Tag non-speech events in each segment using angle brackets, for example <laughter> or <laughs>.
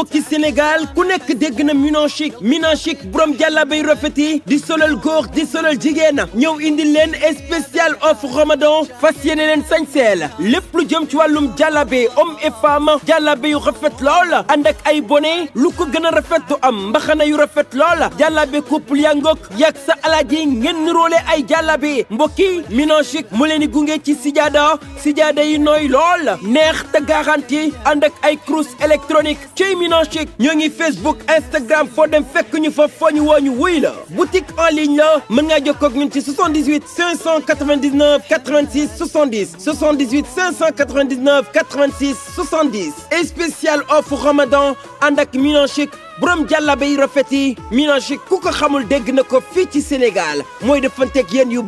mbokki Sénégal ku nek dégg na Minon Chic Minon Chic borom di solal gor di solal jigéen ñew indi leen spécial offre Ramadan fassiyene yéene leen sañseel lépp lu jëm ci homme et femme jàllabe yu lol. lol ànd ak ay bonnet lu ko gëna a rafet am mbaxana yu rafet lol. jàllabe couple yangok yak sa aladi ngeen ay mbokki Minon Chic mu leen gunge ci yi noy lol, neex te garantie ànd ak ay électronique chic Facebook Instagram dem fekk ñu boutique en ligne la avons 78 599 86 70 78 599 86 70 et spécial offre Ramadan andak ak brum chic borom jàllabe yi rafet yi xamul Sénégal Moi de yéen yu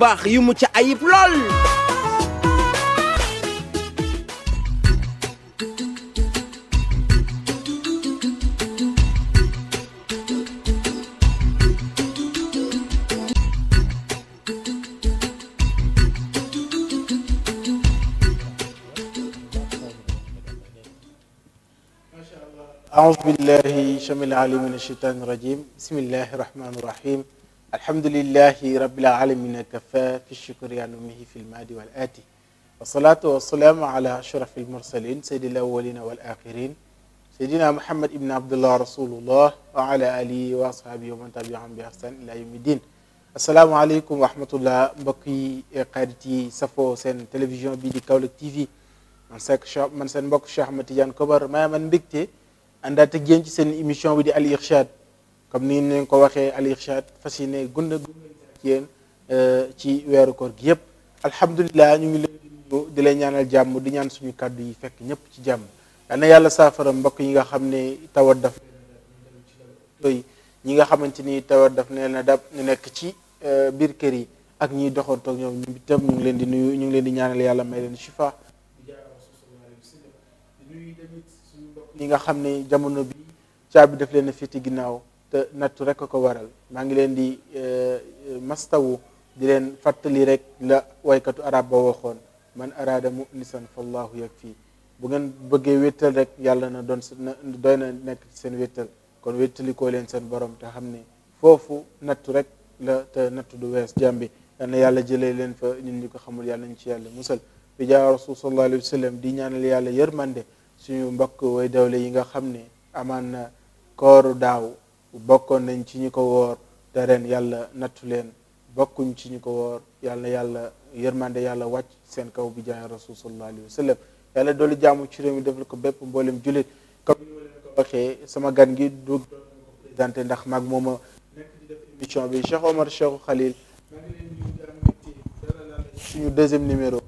أعوذ بالله شم العالم من الشيطان الرجيم بسم الله الرحمن الرحيم الحمد لله رب العالمين كفى في الشكر عن أمه في الماد والآتي والصلاة والسلام على أشرف المرسلين سيد الأولين والآخرين سيدنا محمد ابن عبد الله رسول الله وعلى آله وأصحابه ومن تبعهم بإحسان إلى يوم الدين السلام عليكم ورحمة الله بقي قادتي صفو سن تلفزيون بيدي كولك تيفي man man seen mbokk Cheikh Ahmed Tidiane Kobar maa man mbégte àndaat ak yéen ci seen émission bi di Al Irshad comme ni ñu ko waxee Al Irshad fas yéene gunge gunge ak yéen euh, ci weeru koor gi yëpp alhamdulilah ñu ngi leen di nuyu di leen ñaanal jàmm di ñaan suñu kàddu yi fekk ñëpp ci jàmm yal na yàlla saafara mbokk yi nga xam ne tawat daf nga xamante ni tawat daf ne na dab ñu nekk ci euh, biir kër yi ak ñiy doxantoog ñoom ñu itam ñu ngi leen di ñu ngi leen di ñaanal yàlla may leen shifa li nga xam ne jamono bi caabi daf leen a féete ginnaaw te nattu rek a ko waral maa ngi leen di eh, mastawu di leen fàttali rek la waykatu arab ba waxoon man araada mu'nisan fallahu yakfi bu ngeen bëggee wéttal rek yàlla na doon doy na nekk seen wéttal kon wéttalikoo leen seen borom te xam ne foofu nattu rek la te nattu du wees jàmbi na yàlla jëlee leen fa ñun ñu ko xamul yàlla ñu ci yàlla musal bi jaa rasul sallallahu alayhi di ñaanal yàlla yërmande suñu mbokk way dawle yi nga xam ne amaan na kooru daaw bokkoon nañ ci ñu ko woor te ren yàlla nattu leen bokkuñ ci ñu ko woor yàlla yàlla yërmande yàlla wàcc seen kaw bi jaay rasul sallallahu alayhi wa yàlla doolu jàmm ci réew mi defal ko bépp mboolem jullit comme sama gan gi du présenté ndax mag mooma nekk di bi Cheikh Omar suñu deuxième numéro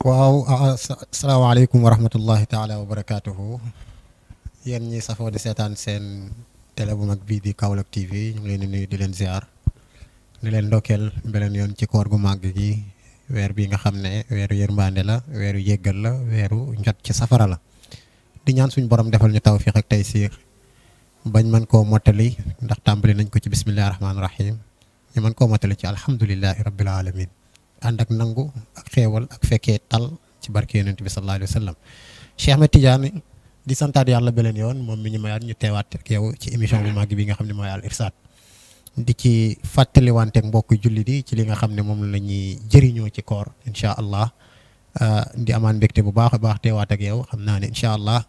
waaw asalaamaaleykum wa rahmatullahi taala wa barakaatuhu yéen ñi safoo di seetaan seen télé bu mag bii di Kaolack TV ñu ngi leen di nuyu di leen ziar di leen ndokkeel mbeleen yoon ci koor gu màgg gi weer bi nga xam ne weeru yërmande la weeru yéggal la weeru njot ci safara la di ñaan suñu borom defal ñu tawfiq ak taysiir bañ mën koo mottali ndax tàmbali nañ ko ci bismillahi rahmaani rahim ñu mën koo mottali ci alhamdulillahi rabbil alamin ànd ak nangu ak xeewal ak fekkee tal ci barke yonent bi sallallahu alayhi wa sallam Cheikh Ahmed Tidiane di santaat yàlla beleen yoon moom mi ñu mayaat ñu teewaat ak yow ci émission bu màgg bi nga xam ne mooy Al Irshad di ci fàttaliwanteeg mbokk jullit yi ci li nga xam ne moom la ñuy jëriñoo ci koor incha allah ndi ah, amaan mbégte bu baax a baax teewaat ak yow xam naa ne incha allah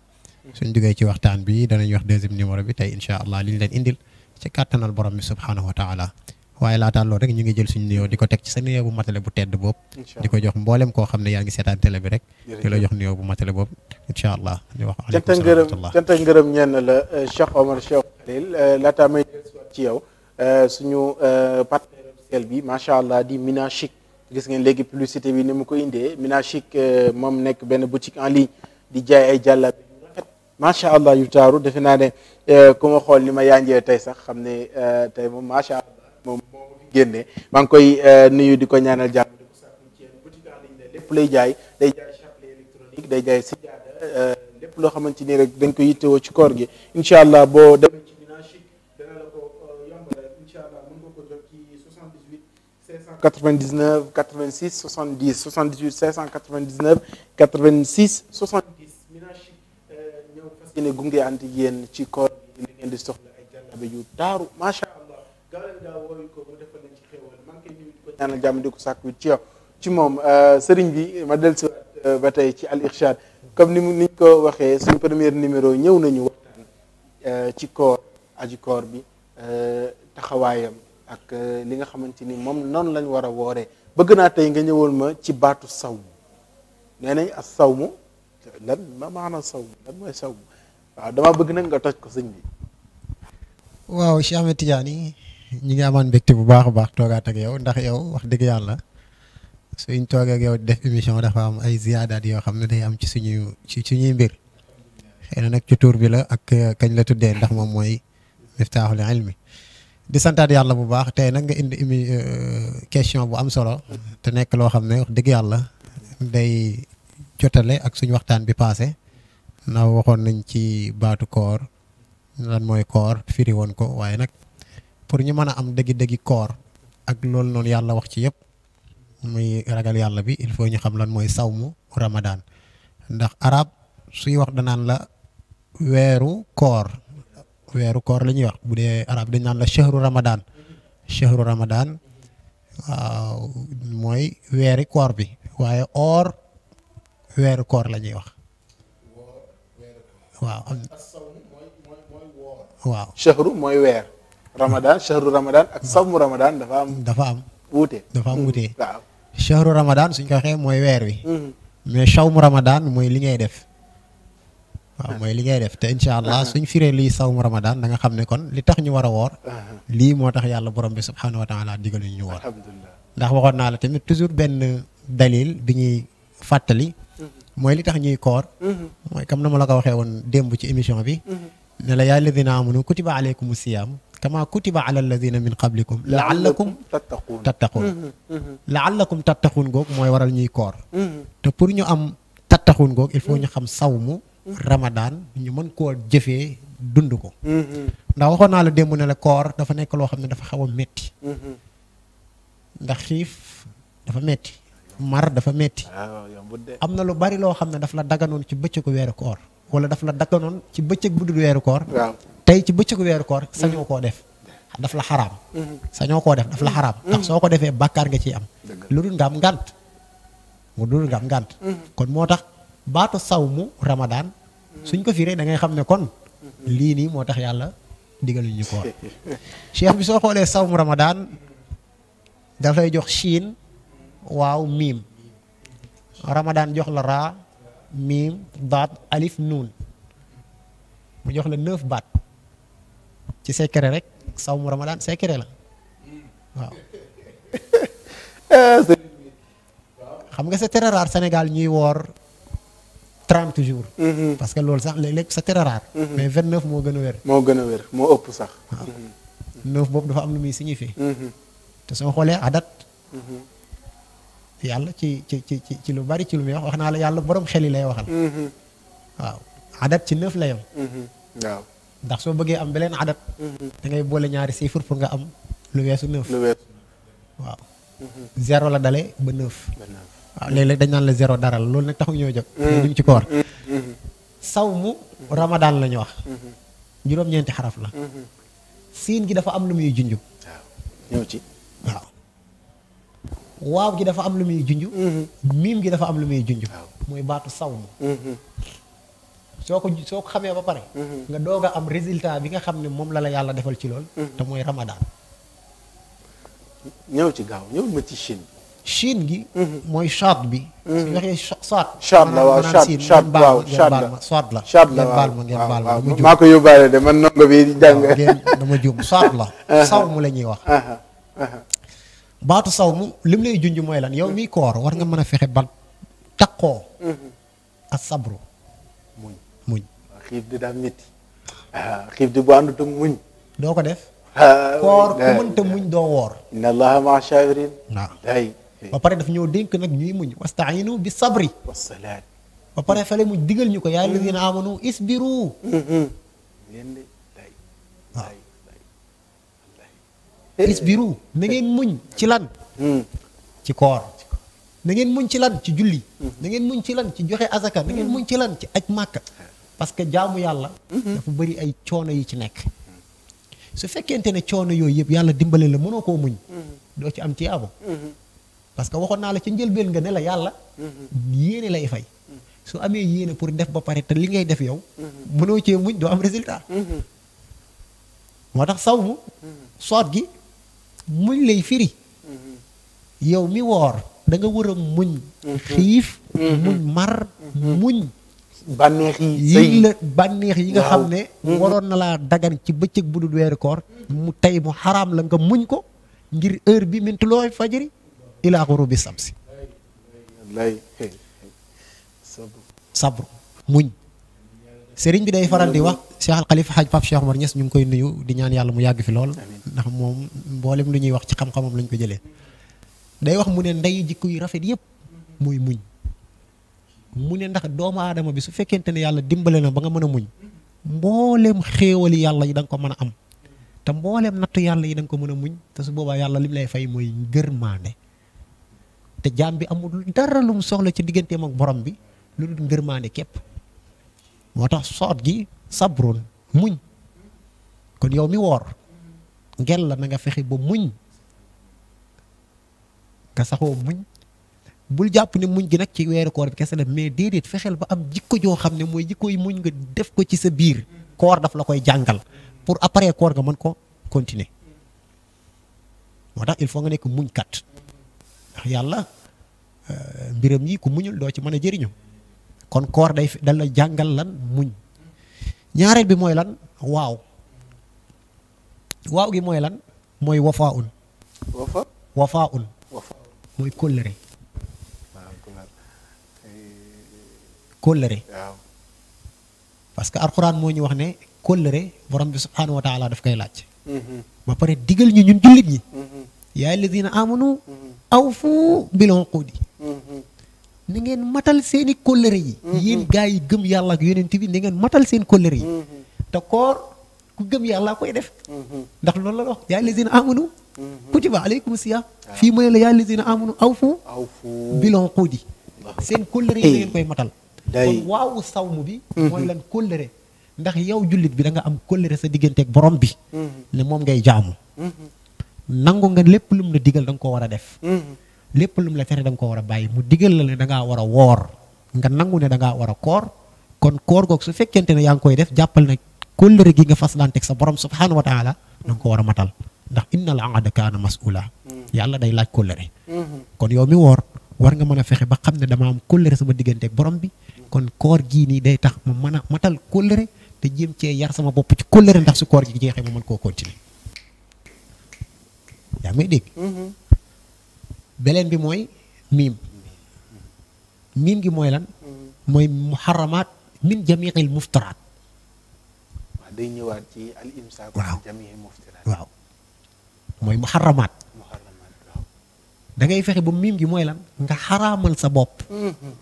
suñ duggee ci waxtaan bi danañ wax deuxième numéro bi tey incha allah liñ leen indil ci kàttanal borom bi subhanahu wa taala waaye laataan loolu rek ñu ngi jël suñu nuyoo di ko teg ci sa nuyoo bu matale bu tedd boobu di ko jox mboolem koo xam ne yaa ngi seetaan télé bi rek di jox nuyoo bu matale boobu incha allah di wax canta ngërëm canta ngërëm ñenn la euh, Cheikh Omar Cheikh Khalil euh, laataa ci yow euh, suñu partenaire officiel bi macha allah di Mina Chic gis ngeen léegi publicité bi ni mu ko indee Mina Chic moom nekk benn boutique en ligne di jaay ay jàllabi macha allah yu taaru defe naa ne ku ma xool ni ma yaanjee tey sax xam ne tey moom macha allah moom moo ko fi génnee maa ngi koy euh, nuyu di ko ñaanal jàmm di ko sàkku ci yéen boutique en ligne la lépp lay jaay day jaay chapelet électronique day jaay sijaada euh, lépp loo xamante ni rek dañ ko yittewoo ci koor gi incha allah boo demee ci Mina Chic dana la ko euh, yombal incha allah mën nga ko jot ci 78 599 86 70 78 599 86 70 Mina Chic ñëw fas yéene gunge ànd ak yéen ci koor gi li ngeen di soxla ay jàllabe yu taaru macha allah gaaw leen gaaw wooyu ko mu defal nañ jàmm di ko sàkku ci yow ci moom euh, sëriñ bi ma dellusi euh, ba tey ci al irshad comme ni mu niñ ko waxee suñ premier numéro ñëw nañu waxtaan euh, ci koor aji bi taxawaayam ak li nga xamante ni moom noonu lañ war a wooree bëgg naa tey nga ñëwal ma ci baatu saw nee nañ as saw mu lan ma maana saw lan mooy saw waaw dama bëgg nag nga toj ko sëñ bi waaw Cheikh Ahmed Tidiane ñi ngi amaan mbégte bu baax a baax toogaat ak yow ndax yow wax dëgg yàlla suñ toogee ak def émission dafa am ay ziyaadaat yoo xam ne day am ci suñu ci suñuy mbir xëy na nag ci tuur bi la ak euh, kañ la tuddee ndax moom mooy miftaaxul mi di santaat yàlla bu baax tey nag nga indi imi euh, question bu am solo te nekk loo xam ne wax dëgg yàlla day jotale ak suñu waxtaan bi passé na waxoon nañ ci baatu koor lan mooy koor firi woon ko waaye nag pour ñu mën a am dëgg-dëgg koor ak loolu noonu yàlla wax ci yëpp muy ragal yàlla bi il faut ñu xam lan mooy sawmu ramadan ndax arab suy wax danaan la weeru koor weeru koor la ñuy wax bu dee arab dañ naan la chahru ramadan chahru ramadan waaw mooy weeri koor bi waaye or weeru koor lañuy wax waaw waaw mooy weer ramadan shahru ramadan ak sawmu ramadan dafa am. dafa am wuute dafa am wuute. Hmm. waaw shahru ramadan suñ ko waxee mooy weer wi. Hmm. mais sawmu ramadan mooy li ngay def. waaw hmm. mooy li ngay def te incha allah suñ firee lii sawmu ramadan da nga xam ne kon li tax ñu war a woor. lii moo tax yàlla borom bi subxanahu wa taala digal ñu woor. ndax waxoon naa la tamit toujours benn dalil bi ñuy fàttali. mooy li tax ñuy koor. mooy comme na ma la ko waxee woon démb ci émission bi. ne la yaa naa amanu kutiba aleykumu كما كتب على الذين من قبلكم لعلكم تتقون تتقون لعلكم تتقون goog mooy waral ñuy koor te pour ñu am tattaxun goog il faut ñu xam sawmu ramadaan ñu mën koo jëfee dund ko ndax waxoon naa la démb ne la koor dafa nekk loo xam dafa xaw a metti ndax xiif dafa metti mar dafa metti am lu bari loo xam ne la daganoon ci bëccëgu weeru koor wala daf la dagganoon ci bëccëg bu dul wéru koor tay ci bëccëgu wéru koor sañu ko def daf la haram mm-hmm. sañu ko def daf la haram tax mm-hmm. soko defé bakkar nga ci am lu dul nga mu dul ngam ngant mm-hmm. kon motax tax baatu saw mu suñ ko firee da ngay xamné kon li ni motax yalla digal ñu koor <laughs> cheikh bi sawmu mu da fay jox shin waaw mim ramadan jox la ra miim baat alif nuun mu jox la neuf baat ci secret rek saw mu ramadaan secret la waaw eh, xam nga sa très rare ñuy woor trente jours mhm. parce que loolu sax lekk léeg c'est très mhm. mais vingt neuf moo gën a wér moo gën wér moo ëpp sax waaw neuf dafa am lu muy signifie mhm. te soo xoolee adat yàlla ci ci ci ci lu bari ci lu muy wax wax naa la yàlla borom xel yi lay waxal. Mm-hmm. waaw adat ci neuf la yam mm-hmm. waaw ndax soo bëggee am beneen adat. Mm-hmm. da boole ñaari chiffre pour nga am lu weesu neuf. waaw. zéro la dale ba neuf. waaw léeg-léeg dañ naan la zéro dara la loolu nag taxu ñoo jóg. ñu ci koor. saw mu ramadaan la wax. juróom-ñeenti xaraf la. siin gi dafa am lu muy junj. waaw. waaw gi dafa am lu muy junj. Mhm. miim gi dafa am lu muy junj. muy baatu sawm. Mhm. soo ko soo xamee ba pare. Mhm. nga doog a am résultat bi nga xam ne moom la la yàlla defal ci lool. te mooy Ramadan. ñëw ci gaaw ñëw ma ci Chine. gi. mooy chaat bi. su waxee chaat. chaat la waaw chaat la chaat la chaat la waaw ngeen baal ma ngeen baal ma man ndongo bi jàng. dama juum chaat la. <laughs> Uh-huh. saw mu la ñuy wax. Uh-huh. Uh-huh. baatu saw mu lim lay junj mooy lan yow miy koor war nga mën a fexe ba takkoo mm-hmm. ak sabru muñ muñ ah, ah, doo ko def ah, koor ku mënta muñ doo woor inna allaha maa sabirin waaw ba pare daf ñëw dénk nag ñuy muñ wastainu bi sabri ba pare fale muñ digal ñu ko yaa mm-hmm. alladina amanu isbiru mm-hmm. waaw isbiru na ngeen muñ ci lan hmm. ci koor na ngeen muñ ci lan ci julli hmm. na ngeen muñ ci lan ci joxe azaka na ngeen hmm. muñ ci lan ci aj màkka parce que jaamu yàlla dafa bëri ay coono yi ci nekk su fekkente ne coono yooyu yëpp yàlla dimbale la mënoo koo muñ doo ci am tiyaabo parce que waxoon naa la ci njëlbeen nga ne la yàlla yéene lay fay su amee yéene pour def ba pare te li ngay def yow mënoo cee muñ doo am résultat moo tax saw mu soot gi muñ lay firi yow mi woor da nga muñ xiif muñ mar muñ bànneex yi la bànneex yi nga xam ne mm-hmm. waroon na laa dagan ci bëccëg bu dul weeru koor mu tey mu xaraam la nga muñ ko ngir heure bi min loo fajri ilaa xurubi samsi sabru muñ Sering bi day faral di wax Cheikh al Khalifa Hadj pap Cheikh Omar Niass ñu koy nuyu di ñaan yalla mu yàgg fi lool ndax mom mbolem lu ñuy wax ci xam-xamam lañ ko jëlé day wax mu ne nday jikko yu rafet yépp muy muñ mu ne ndax doom aadama bi su fekkente ne yàlla na ba nga mëna muñ mbolem xéewali yalla yi dang ko mëna am te mbolem natu yalla yi dang ko mëna muñ te su boba yalla lim lay fay mooy ngërmaande te jambi amul dara lu soxla ci digënté mak borom bi lu dul képp moo tax soot gi sabrun muñ kon yow mi woor ngel la na nga fexe ba muñ nga saxoo muñ bul jàpp ne muñ gi nag ci weeru koor bi kese la mais déedéet fexeel ba am jikko joo xam ne mooy jikko yi muñ nga def ko ci sa biir koor daf la koy jàngal pour après koor nga mën ko continuer moo tax il faut nga nekk muñ kat ndax yàlla euh, mbiram yi ku muñul doo ci mën a jëriñu kon koor day da la jàngal lan muñ ñaareel bi mooy lan waaw waaw gi mooy lan mooy wafaun wafa wafaun wafa mooy kóllëre kóllëre eh. parce que alxuraan moo ñu wax ne kóllëre borom bi subhanahu wa taala daf koy laaj mm-hmm. ba pare digal ñu ñun jullit ñi mm-hmm. yaa alladina amanu mm-hmm. awfu bil uqudi na ngeen matal seen i kóllëre yi. Mm-hmm. yéen gaa yi gëm yàlla ak yonent bi na ngeen matal seen kóllëre yi. Mm-hmm. te koor ku gëm yàlla koy def. Mm-hmm. ndax loolu la wax yaa allazina amanu. kutiba aleykum siyaam. fii mu ne la yaa allazina amanu awfu. awfu bil uqudi seen kóllëre yi na ngeen koy matal. kon waawu sawmu bi. mooy lan kóllëre. ndax yow jullit bi danga am kóllëre sa digganteeg borom bi. ne moom ngay jaamu. nangu nga lépp lu lum la digal da ko war a def. lépp lu mu la tere da nga ko war a bàyyi mu digal la ne da ngaa war a woor nga nangu ne da ngaa war a koor kon koor goog su fekkente ne yaa ngi koy def jàppal na kóllëre gi nga fas daan teg sa borom subhaanahu wa taala da nga ko war a matal ndax inna al ahda kaana mas'uula yàlla day laaj kóllëre kon yow mi woor war nga mën a fexe ba xam ne dama am kóllëre sama digganteeg borom bi kon koor gii nii day tax ma man a matal kóllëre te jéem cee yar sama bopp ci kóllëre ndax su koor gi jeexee ma mën koo continuer yaa may dégg beleen bi mooy miim miim gi mooy lan mooy muharramaat min jamiil muftaraat waaw day ñëwaat ci al imsaak waaw jamiil muftaraat mooy muharramaat da fexe ba miim gi mooy lan nga xaraamal sa bopp mm-hmm.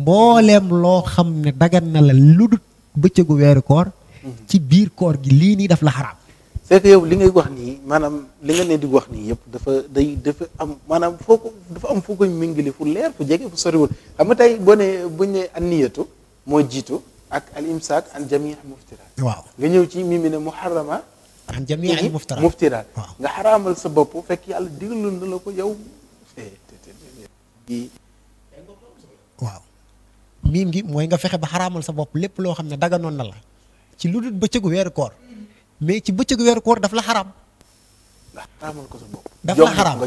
mbooleem loo xam ne dagan na la ludut bëccëgu weeru koor mm-hmm. ci biir koor gi lii nii daf la xaraam c'est que li ngay wax nii maanaam li nga ne di wax nii yëpp dafa day dafa am maanaam foo ko dafa am foo koy méngale fu leer fu jege fu soriwul xam nga tey boo nee buñ an niyatu moo jiitu ak al imsaak an jamii muftiraat waaw nga ñëw ci mi mi ne muharrama an jamii muftiraat muftiraat nga xaraamal sa bopp fekk yàlla digaloon na la ko yow waaw miim gi mooy nga fexe ba xaraamal sa bopp lépp loo xam ne dagganoon na la ci lu dul bëccëgu weeru koor mais ci bëccëg weeru koor daf la xaraam. xaraamal ko sa daf la xaraam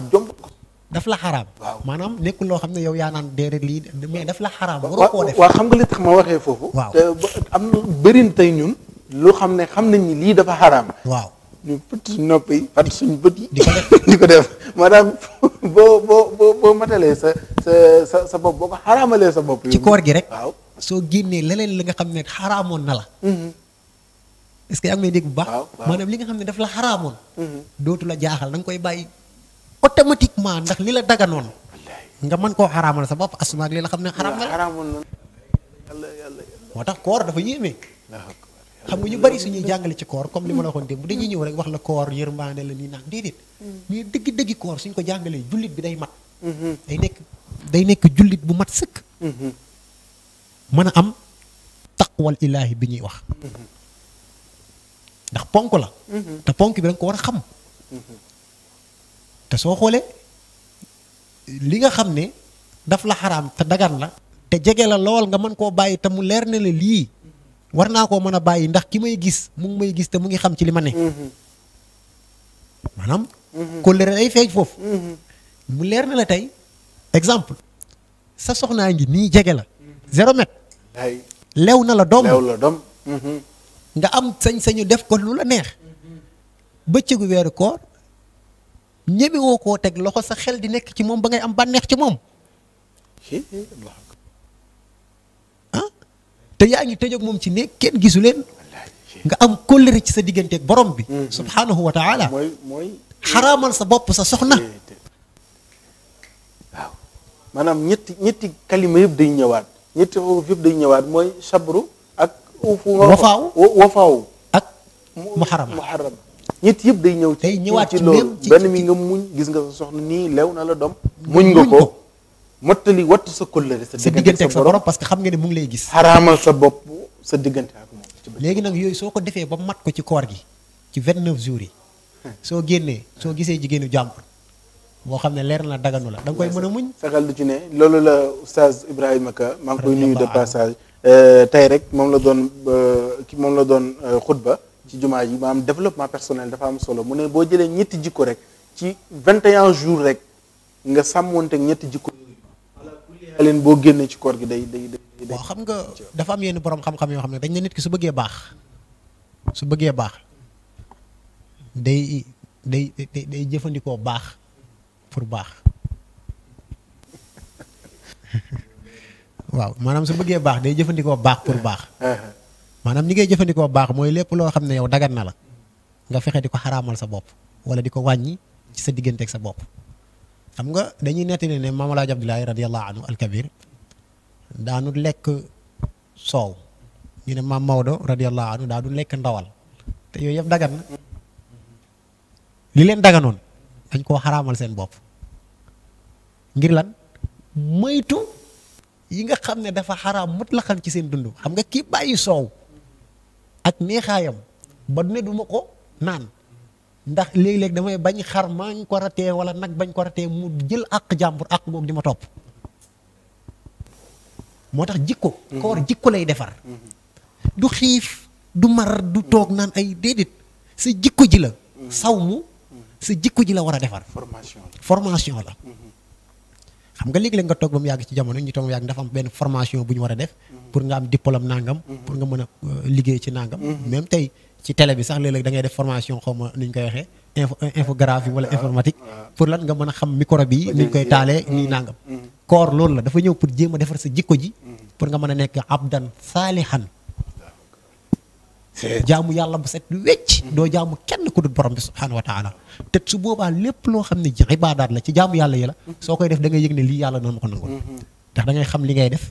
daf la xaraam. waaw maanaam nekkul loo xam ne yow yaa naan lii mais daf la xaraam. waroo koo def waaw xam nga li waxee foofu. waaw te am na tey ñun. loo xam ne xam nañ ni lii dafa xaraam. waaw ñu fëtt suñ nopp yi fëtt suñ bët yi. di ko def <laughs> di ko <laughs> boo boo boo boo matalee sa sa sa bopp boo ko xaraamalee sa bopp. ci koor gi rek. waaw soo génnee leneen li nga xam ne xaraamoon na la. Mm-hmm. est-ce que yaa ngi may dégg bu baax maanaam li nga xam ne daf la xaraamoon dootu la jaaxal da nga koy bàyyi automatiquement ndax li la daganoon nga mën koo xaraamal sa bopp asuma ak li la xam ne xaraam nga la moo tax koor dafa yéeme xam nga ñu bari suñuy jàngale ci koor comme li ma la waxoon démb dañuy ñëw rek wax la koor yërmande la nii naan déedéet mais dëgg dëggi koor suñ ko jàngalee jullit bi day mat mhm. day nekk day nekk jullit bu mat sëkk mën mhm. a am taqwal ilaahi bi ñuy wax ndax ponk la mhm. te ponk bi da ko war a xam mhm. te soo xoolee li nga xam ne daf la xaraam te dagan la te jege la lool nga mën koo bàyyi te mu leer ne la lii war naa koo mën a bàyyi ndax ki may gis mu ngi may gis te mu ngi xam ci li ma ne mhm. maanaam kóllëre day feeñ foofu mu leer na la tey exemple sa soxnaa ngi nii jege la zéro mètre lew na la dom lew la dom nga am sañ-sañu def ko lu la neex bëccëgu weeru koor ñemewoo koo teg loxo sa xel di nekk ci moom ba ngay am bànneex ci moom ah te yaa ngi tëjoog moom ci néeg kenn gisu leen nga am kóllëre ci sa digganteeg borom bi mm-hmm. subhaanahu wa taala xaraamal sa bopp sa soxna maanaam ñetti ñetti kalima yëpp day ñëwaat ñetti xuruf yëpp ñëwaat mooy sabru wafaaw wafaaw ak muharram muharram ñett yëpp day ñëw tey ñëwaat ci loolu benn mi nga muñ gis nga sa soxna nii lew na la doom muñ nga ko mottali watt sa kóllëre sa diggante ak sa borom parce que xam nga ne mu ngi lay gis xaraamal sa bopp sa diggante ak moom léegi nag yooyu soo ko defee ba mat ko ci koor gi ci vingt neuf jours yi soo génnee soo gisee jigéenu jàmbur moo xam ne leer na daganu la da nga koy mën a muñ saxal du ci ne loolu la oustaz Ibrahima Ka maa ngi koy nuyu de passage Euh, tey rek moom la doon euh, ki moom la doon euh, xutba ci jumaa ji maanaam développement personnel dafa am solo mu ne boo jëlee ñetti jikko rek ci 21 jours rek nga sàmmoonteeg ñetti jikko yaa boo génnee ci koor gi day day xam nga dafa am yenn borom xam yoo xam ne dañ ne nit ki su bëggee baax su day day day jëfandikoo baax pour baax. <laughs> waaw maanaam su bëggee baax day jëfandikoo baax pour baax maanaam ni ngay jëfandikoo baax mooy lépp loo xam ne yow dagan na la nga fexe di ko xaraamal sa bopp wala di ko wàññi ci sa digganteeg sa bopp xam nga dañuy nettali ne Maam Alaaji Abdoulaye radiyallahu anhu kabir daanu lekk soow ñu ne Maam Maodo radiyallahu anhu daanu lekk ndawal te yooyu yëpp dagan na li leen daganoon dañ koo xaraamal seen bopp ngir lan moytu yi nga xam ne dafa xaraam mutlaqan ci seen dund xam nga kii bàyyi soow ak neexaayam ba ne duma ko naan ndax léeg-léeg damay bañ xar maa ngi ko ratee wala nag bañ ko ratee mu jël àq jàmbur àq googu di ma topp moo tax jikko mhm. koor jikko lay defar mhm. du xiif du mar du toog naan ay déedéet sa jikko ji la mhm. saw mu sa jikko ji la war a defar formation la xam nga léegi-léeg nga toog ba mu yàgg ci jamono ñu toog ba mu yàgg dafa am benn formation bu ñu war a def mm-hmm. pour nga am diplôme nangam mm-hmm. pour nga mën a euh, liggéey ci nangam mm-hmm. même tey ci télé bi sax léeg-léeg da ngay def formation xaw ma nu koy waxee info euh, infographie wala ah, informatique ah. pour lan nga mën a xam micro bi ni ñu koy taalee nii nangam koor loolu la dafa ñëw pour jéem a defar sa jikko ji pour nga mën a nekk abdan saalihan jaamu yàlla bu set wecc mm. doo jaamu kenn ku dul borom bi subhaanahu wa taala su boobaa lépp loo xam ne ibaadaat la ci jaamu yàlla yi la mm-hmm. soo koy def da ngay yëg ne lii yàlla noonu ko nangul mm-hmm. ndax da ngay xam li ngay def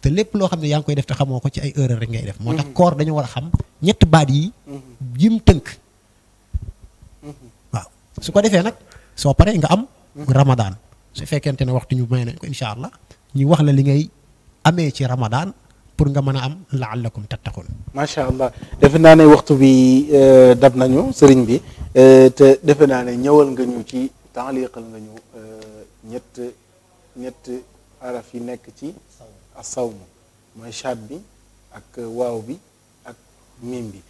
te lépp loo xam ne yaa ngi koy def te xamoo ko ci ay erreur rek ngay def moo tax mm-hmm. koor dañu war a xam ñetti baat yi yim tënk waaw su ko defee nag soo paree nga am ramadaan su fekkente ne waxtu ñu may nañ ko incha allah ñu wax la li ngay amee ci ramadaan pour nga mën a am laallakum tattaxun macha allah defe naa ne waxtu bi dab nañu sëriñ bi te defe naa ne ñëwal nga ñu ci taaliqal nga ñu ñett ñett araf yi nekk ci asawmu mooy chaat bi ak waaw bi ak mim bi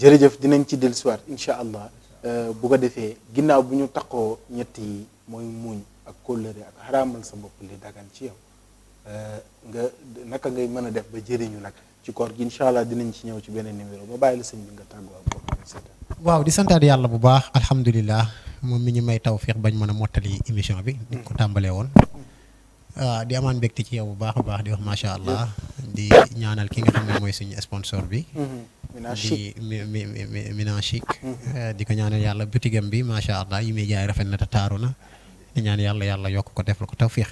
jërëjëf dinañ ci dellusiwaat incha allah bu ko defee ginnaaw bu ñu taqoo ñett yi mooy muuñ ak kóllëre ak xaraamal sa bopp li dagan ci yow Eh, nga naka ngay mëna def ba jëriñu nak ci koor gi inshallah allah dinañ ci ñëw ci benen numéro ba bayil la sëñ bi nga tàggoo ak bopp waaw di santat yalla bu baax alhamdullilah mom mi ñi may tawfiq bañ mëna motali émission bi di ko won ah di amane bekti ci yow bu baax baax di wax sha allah di ñaanal ki nga xam moy sponsor bi minashik mm-hmm. Mina Chic eh, di ko ñaanal yalla boutique am bi sha allah yimi jaay rafet na ta taruna di ñaan yalla yalla yok ko def ko tawfiq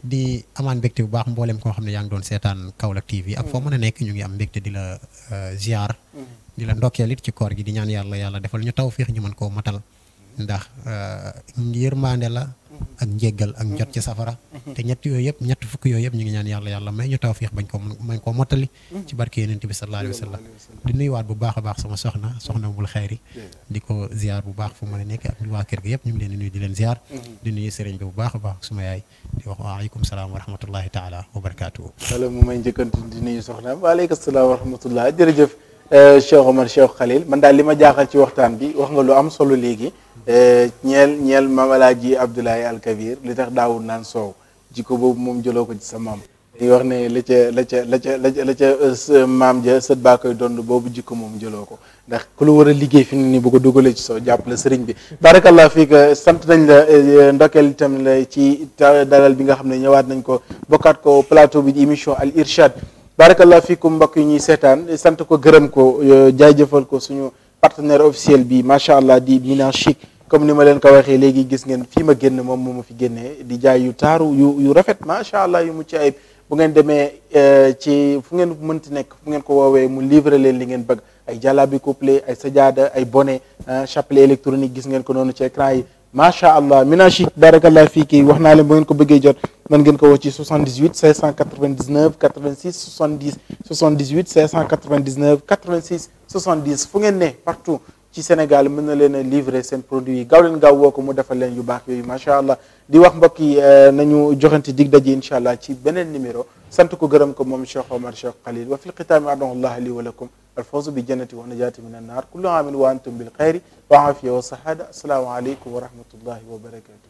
di amaan mbégte bu baax mboolem koo xam ne yaa ngi doon seetaan Kaolack TV ak foo mën a nekk ñu ngi am mbégte di la euh, ziar. Mm-hmm. di la ndokkeel it ci koor gi di ñaan yàlla yàlla defal ñu taw tawfiix ñu mën koo matal. ndax euh, yërmande la ak njéggal ak njot ci safara mhm. te ñett yooyu yëpp ñett fukk yooyu yëpp ñu ngi ñaan yàlla yàlla may ñu tawfiix bañ bañ koo mottali mhm. ci barke yonent bi sallallahu alayhi wa sallam bu baax baax sama soxna soxna bul xayri di ko bu baax fu mën a nekk ak waa kër gi yëpp ñu ngi leen di nuyu di leen ziar mhm. di nuyu sëriñ bi bu baax a baax suma yaay di wax waaleykum salaam wa rahmatullahi taala wa barakaatuhu wala mu may njëkkantu di nuyu soxna waaleykum salaam wa rahmatullah jërëjëf eh, Cheikh Omar Cheikh man daal li ma jaaxal ci waxtaan bi wax nga lu am solo léegi Eh, ñeel ñeel maam Alaaji Abdoulaye Al Kabir li tax daawul naan soow jikko boobu moom jëloo ko ci sa maam dañuy wax ne la ca la ca la ca la ca euh, maam ja sët baa koy boobu jikko moom jëloo ko ndax ku lu war liggéey fi mu nii bu ko dugalee ci soow jàppale sëriñ bi barakallah fii que sant nañ la eh, eh, ndokkeel itam la ci dalal bi nga xam ne ñëwaat nañ ko bokkaat ko plateau bi di émission Al Irshad barakallah fii ko mbokk yi ñuy seetaan sant ko gërëm ko euh, jaajëfal ko suñu partenaire officiel bi macha allah di comme ni ma leen ko waxee léegi gis ngeen fii ma génn moom moom ma fi génnee di jaay yu taaru yu yu rafet macha allah yu mucc ayib bu ngeen demee euh, ci fu ngeen mënti nekk fu ngeen ko woowee mu livrer leen li ngeen bëgg ay jàllabi couplé ay sajaada ay bonnet chapelet électronique gis ngeen ko noonu ci écran yi macha allah mina chic barakallah fii kii wax naa leen bu ngeen ko bëggee jot mën ngeen ko woo ci 78 599 86 70 78 599 86 70 fu ngeen ne partout ci Sénégal mën na leen livrer seen produit yi gaaw leen gaaw woo ko mu defal leen yu baax yooyu macha allah di wax mbokk yi nañu joxante dig daje incha allah ci beneen numéro sant ko gërëm ko moom Cheikh Omar Cheikh Khalil wa fil xitaami adonullah li wa lakum alfawzu bi jannati wa najaati min annaar kullu aamin wa antum bil xayri wa aafiya wa sahada assalaamu aleykum wa rahmatullahi wa barakatu